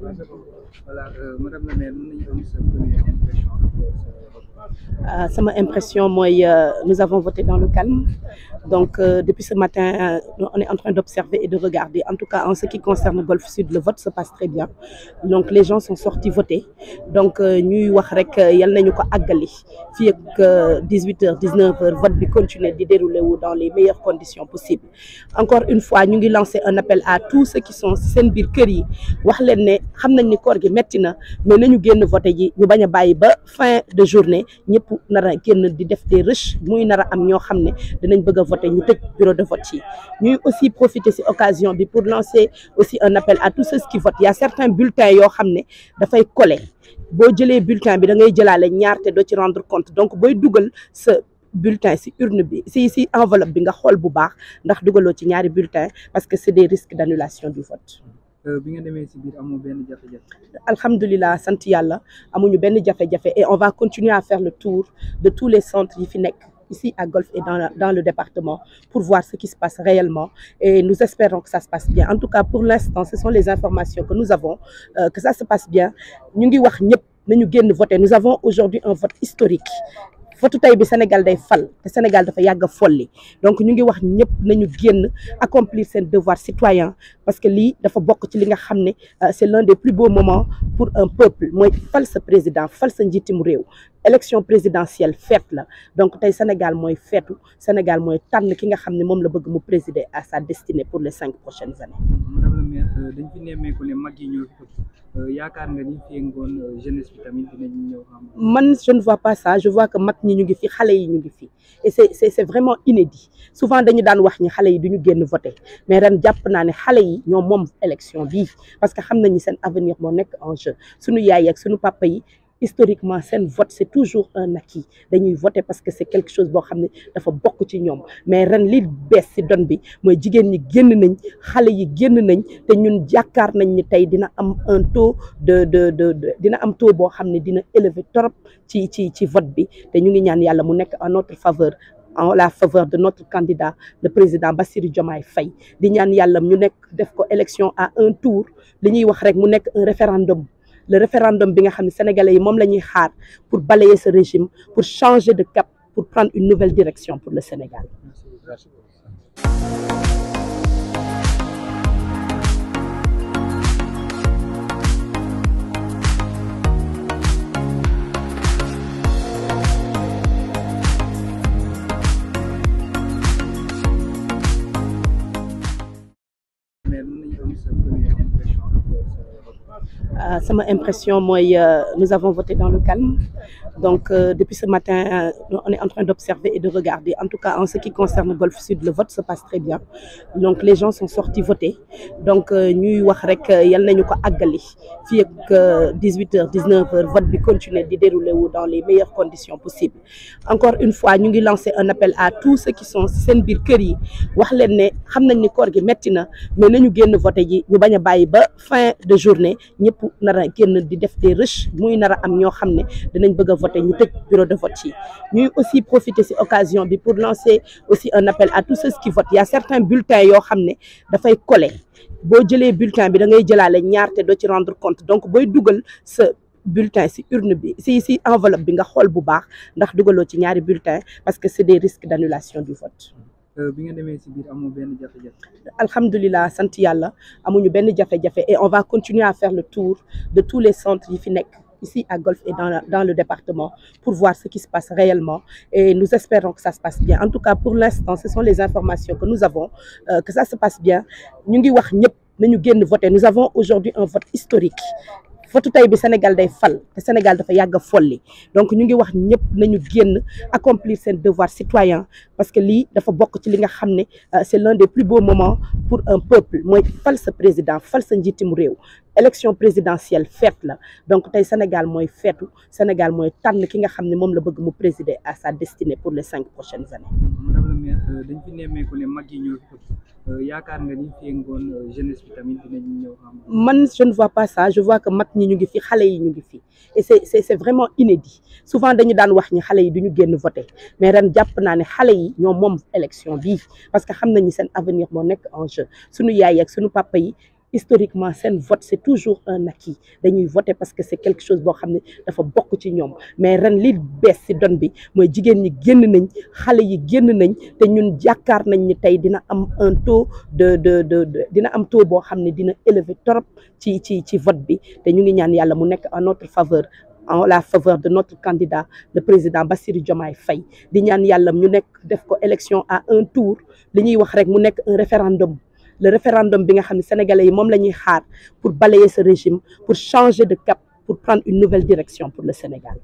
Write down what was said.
voilà euh, madame la maire mën nañu am sa première impression. ah sama impression mooy euh, nous avons voté dans le calme donc euh, depuis ce matin on est en train d'observer et de regarder en tout cas en ce qui concerne Golf Sud le vote se passe très bien donc les gens sont sortis voter donc ñuy wax rek yal nañu ko àggali fii ak 18 heures 19 heures vote bi continuer di dérouler wu dans les meilleures conditions possibles encore une fois ñu ngi lancer un appel à tous ceux qui sont seen biir kër yi wax leen ne xam nañ ni koor gi metti na mais nañu génn voté ji ñu bañ a bàyyi ba fin de journée ñëpp nar a génn di def des rushs muy nar a am ñoo xam ne danañ bëgg a ñu tëj bureau de vote yi ñuy aussi profiter si occasion bi pour lancer aussi un appel à tous ceux qui votent y certains bulletins yoo xam ne dafay collé boo jëlee bulletin bi dangay ngay jëlaale ñaar te doo ci rendre compte donc booy dugal sa bulletin si urne bi si si enveloppe bi nga xool bu baax ndax dugaloo ci ñaari bulletin parce que c'est des risques d'annulation du vote Euh, bi nga demee si biir amoo benn jafe-jafe. sant yàlla amuñu benn jafe-jafe et on va continuer à faire le tour de tous les centres yi fi nekk. ici à Golfe et dans, la, dans le département pour voir ce qui se passe réellement et nous espérons que ça se passe bien en tout cas pour l'instant ce sont les informations que nous avons euh, que ça se passe bien ñu ngi wax ñëpp nañu génn voter nous avons aujourd'hui un vote historique votu tey bi Sénégal day fal te Sénégal dafa yàgg fol li donc ñu ngi wax ñëpp nañu génn accomplir seen devoir citoyen parce que lii dafa bokk ci li nga xam ne euh, c'est l'un des plus beaux moments pour un peuple mooy fal sa président fal sa njiitum réew élection présidentielle fête la donc tey Sénégal mooy feetu Sénégal mooy tànn ki nga xam ne moom la bëgg mu présider à sa destinée pour les cinq prochaines années dañ fi nemmeeku ne mag yi ñoo fi euh, ni fii euh, man je ne vois pas ça je vois que mag ñu ngi fi xale yi ñu ngi fi et c'est c'est c'est vraiment inédit souvent dañu daan wax ñi xale yi ñu génn voté mais ren jàpp naa ne xale yi ñoo moom élection bii parce que xam nañu seen avenir moo nekk en jeu suñu yaay ak suñu papa yi historiquement seen vote c'est toujours un acquis dañuy voter parce que c'est quelque chose boo xam ne dafa bokk ci ñoom mais ren li bees ci done bi mooy jigéen ñi génn nañ xale yi génn nañ te ñun jàkkaar nañ ni tey dina am un taux de de de dina am taux boo xam ne dina élevé trop ci ci ci vote bi te ñu ngi ñaan yàlla mu nekk en notre faveur en la faveur de notre candidat le président bassiri Diomaye Faye di ñaan yàlla mu nekk def ko élection à un tour li ñuy wax rek mu nekk un référendum le référendum bi nga xam ne sénégalais yi moom la ñuy xaar pour balayer ce régime pour changer de cap pour prendre une nouvelle direction pour le Sénégal. sama impression mooy euh, nous avons voté dans le calme donc euh, depuis ce matin euh, on est en train d'observer et de regarder en tout cas en ce qui concerne Golf Sud le vote se passe très bien donc les gens sont sortis voter donc euh, ñuy wax rek yal nañu ko àggali fii ak 18 heures 19 heures vote bi continuer di dérouler wu dans les meilleures conditions possibles encore une fois ñu ngi lancer un appel à tous ceux qui sont seen biir kër yi wax leen ne xam nañ ni koor gi metti na mais nañu génn voter ji ñu bañ a bàyyi ba fin de journée ñëpp a di def des rushs muy nar am ñoo xam ne dinañ bëgg a voter ñu tëj bureau de vote yi ñuy aussi profiter ci occasion bi pour lancer aussi un appel à tous ceux qui votent il y a certains bulletins yoo xam ne dafay coller boo jëlee bulletin bi da ngay jëlaale ñaar te doo ci rendre compte donc booy dugal sa bulletin si urne bi si si enveloppe bi nga xool bu baax ndax dugaloo ci ñaari bulletin parce que c'est des risques d'annulation du vote Euh, bi nga demee si biir amoo benn jafe-jafe. sant yàlla amuñu benn jafe-jafe et on va continuer à faire le tour de tous les centres yi fi nekk. ici à Golfe et dans, le département pour voir ce qui se passe réellement et nous espérons que ça se passe bien en tout cas pour l'instant ce sont les informations que nous avons euh, que ça se passe bien ñu ngi wax ñëpp nañu génn voter nous avons aujourd'hui un vote historique fatu tey bi Sénégal day fal te Sénégal dafa yàgg fol li donc ñu ngi wax ñëpp nañu génn accomplir seen devoir citoyen parce que lii dafa bokk ci li nga xam ne euh, c'est l'un des plus beaux moments pour un peuple mooy fal sa président fal sa njiitum réew élection présidentielle fête la donc tey Sénégal mooy feetu Sénégal mooy tànn ki nga xam ne moom la bëgg mu présider à sa destinée pour les cinq prochaines années. Madame la maire euh, Euh, yaakaar nga euh, man je ne vois pas ça je vois que mag ñi ñu ngi fi xale yi ñu ngi fi et c'est c'est c'est vraiment inédit souvent dañu daan wax ñi xale yi du ñu génn voter mais ren jàpp naa ne xale yi ñoo moom élection bii parce que xam nañu seen avenir moo nekk un jeu suñu yaay ak suñu papa yi. historiquement seen vote c'est toujours un acquis dañuy voter parce que c'est quelque chose boo xam ne dafa bokk ci ñoom mais ren li bees ci done bi mooy jigéen ñi génn nañ xale yi génn nañ te ñun jàkkaar nañ ni tey dina am un taux de de de dina am taux boo xam ne dina élevé trop ci ci ci vote bi te ñu ngi ñaan yàlla mu nekk en notre faveur en la faveur de notre candidat le président Bassirou Diomaye Faye di ñaan yàlla mu nekk def ko élection à un tour li ñuy wax rek mu nekk un référendum le référendum bi nga xam ne sénégalais yi moom la ñuy xaar pour balayer ce régime pour changer de cap pour prendre une nouvelle direction pour le Sénégal.